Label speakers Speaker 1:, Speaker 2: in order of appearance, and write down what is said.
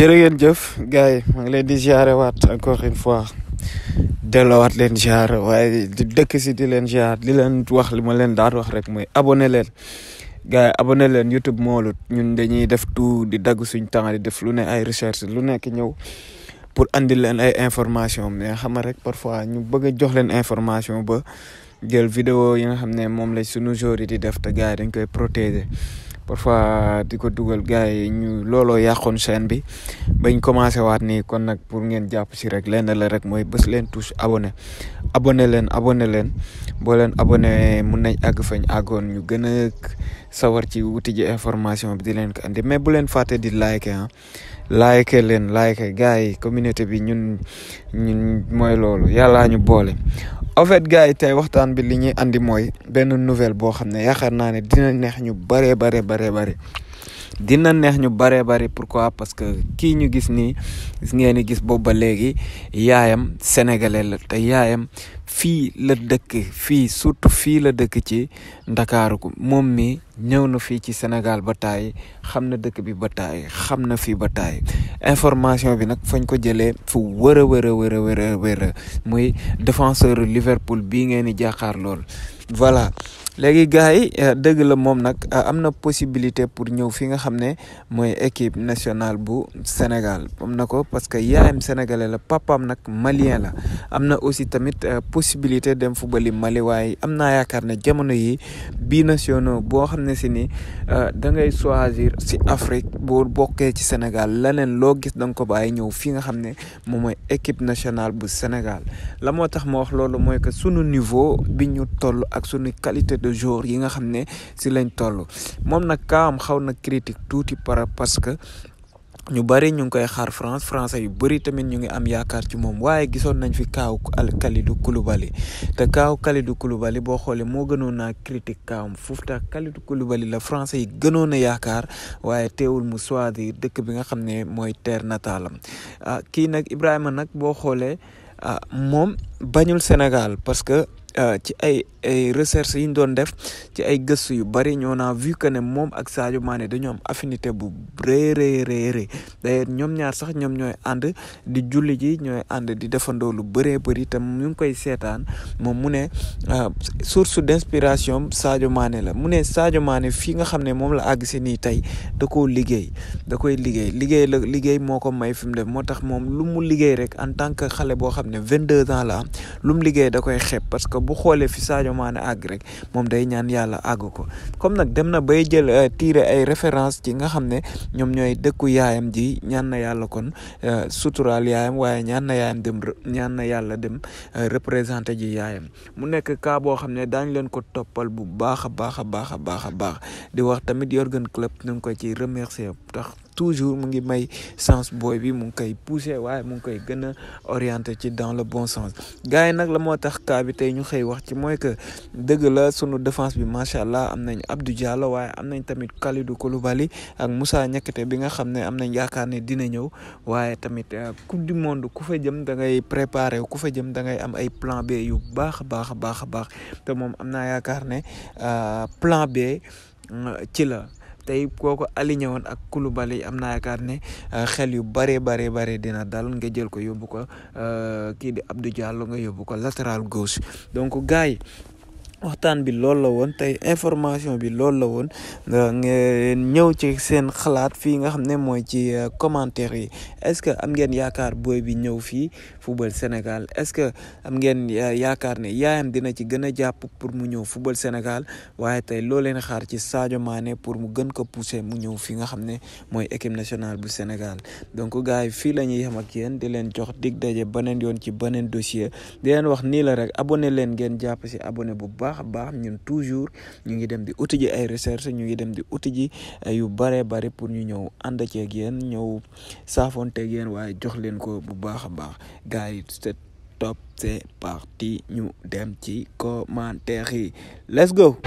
Speaker 1: jërë ngeen jëf gars yi maa ngi leen di jaare waat encore une fois delloowaat leen ziare waaye di dëkk si di leen ziare di leen wax li ma leen daan wax rek mooy abonné leen gars yi abonné leen YouTube moolut ñun dañuy def tout di dagg suñ temps di def lu ne ay recherche lu nekk ñëw pour andi leen ay information mais xam rek parfois ñu bëgg a jox leen information ba jël vidéo yi nga xam ne moom la suñu jour yi di def te gars dañ koy protéger. parfois di ko dugal gars yi ñu looloo yàqoon chaîne bi bañ commencé waat nii kon nag pour ngeen jàpp si rek lenn la rek mooy bés leen touche abonné abonné leen abonné leen boo leen abonné mun nañ àgg fañ àggoon ñu gën a sawar ci wuti ji information bi di leen ko andi mais bu leen fàtte di like ah like leen like gars yi communauté bi ñun ñun mooy loolu yàllaa ñu boole. en fait gars yi tey waxtaan bi li ñuy andi mooy benn nouvelle boo xam ne yaakaar naa ne dina neex ñu bëree bare bare bëri dina neex ñu bare bare pourquoi parce que ki ñu gis ni gis ngeen ni gis boobu ba léegi yaayam sénégalais la te yaayam fii la dëkk fii surtout fii la dëkk ci Dakar ko moom mi ñëw na fii ci Sénégal ba taay xam na dëkk bi ba taay xam na fii ba taay information bi nag fañ ko jëlee fu wër a wër a wër a wër a wër a muy défenseur Liverpool bii ngeen ni jàkkaar lool voilà léegi gars yi euh, dëgg la moom nag euh, am na possibilité pour ñëw fi nga xam ne mooy équipe nationale bu Sénégal am na ko parce que yaayam sénégalais la papaam nag malien la am na aussi tamit euh, possibilité dem footballi Mali waaye am naa yaakaar ne jamono yi bii nationaux boo xam ne si ni da ngay choisir si Afrique boo bokkee ci Sénégal leneen loo gis da nga ko bàyyi ñëw fi nga xam ne moom mooy équipe nationale bu Sénégal la moo tax ma wax loolu mooy que sunu niveau bi ñu toll ak sunu de jour yi nga xam ne si lañ toll moom nag kaa xaw na critique tuuti par parce que ñu bëri ñu ngi koy xaar France français yu bëri tamit ñu ngi am yaakaar ci moom waaye gisoon nañ fi kaaw Kalidou Koulibaly te kaaw Kalidou Koulibaly boo xoolee moo gënoon a critique kaawam foofu tax Kalidou Koulibaly la français yi gënoon a yaakaar waaye teewul mu choisir dëkk bi nga xam ne mooy terre nataalam ah kii nag Ibrahima nag boo xoolee ah moom bañul Sénégal parce que. Euh, ci ay ay recherche yi ñu doon def ci ay gëstu yu bëri ñoo naa vu que ne moom ak saajo maane dañoo am affinité bu rëy rëy rëy ñoom ñaar sax ñoom ñooy ànd di julli ji ñooy ànd di defandoo lu bëree bëri te ñu ngi koy seetaan moom mu ne euh, source d'inspiration Sadio maane la mu ne Sadio Mané fii nga xam ne moom la àgg si nii tey da koo liggéey da koy liggéey liggéey la liggéey moo ko may fi mu def moo tax moom lu mu liggéey rek en tant que xale boo xam ne vingt-deux ans la am lu liggéey da bu xoolee fi Sadio Mané àgg rek moom day ñaan yàlla àgg ko comme nag dem na bay jël euh, tiire ay référence ci nga xam ne ñoom ñooy dëkku yaayam ji ñaan na yàlla kon euh, suturaal yaayam waaye ñaan na yaayam dem ñaan na yàlla dem euh, représenté ji yaayam mu nekk cas boo xam ne daañ leen ko toppal bu baax a baax a baax a baax a baax di wax tamit Jürgen Klopp ñu ngi ko ci remercier tax toujours mon may sens boy bi mu kay pousser way mu kay gëna orienter orienté ci dans le bon sens gaay nak la motax ka bi tay ñu xey wax ci moy que deug la sunu défense bi machallah allah am nañ Abdou Diallo way am nañ tamit Kalidou Koulibaly ak Moussa Niakhaté bi nga xam ne am nañ yaakaar ne dina ñëw waye tamit euh, coupe du monde ku fa jëm da ngay préparer ku fa jëm da ngay am ay plan B yu baax a baax a baax baax te mom am naa yaakaar ne euh, plan B euh, ci la. tey koo ko aligné woon ak Koulibaly am naa yaakaar ne euh, xel yu bare bare bare dina dal nga jël ko yóbbu ko euh, kii di Abdou Diallo nga yóbbu ko latéral gauche donc gars waxtaan bi loolu la woon tey information bi loolu la woon ngeen ñëw ci seen xalaat fii nga xam ne mooy ci euh, commentaire yi est-ce que am ngeen yaakaar booy bi ñëw fii football Sénégal est-ce que am ngeen euh, yaakaar ne yaayam dina ci gën a jàpp pour mu ñëw football Sénégal waaye tey loo leen xaar ci Sadio Mané pour mu gën ko pousser mu ñëw fii nga xam ne mooy équipe nationale bu Sénégal donc gars yi fii la ñuy yem ak yéen di leen jox dig daje beneen yoon ci beneen dossier di leen wax nii la rek abone leen ngeen jàpp si abonné bu baax baax a baax ñun toujours ñu ngi dem di uti ji ay recherche ñu ngi dem di uti ji eh, yu bare bare pour ñu ñëw ànd ceeg yéen ñëw saafoonteeg yéen waaye jox leen ko bu baax a baax gars yi c'est top c'est parti ñu dem ci commentaire yi let's go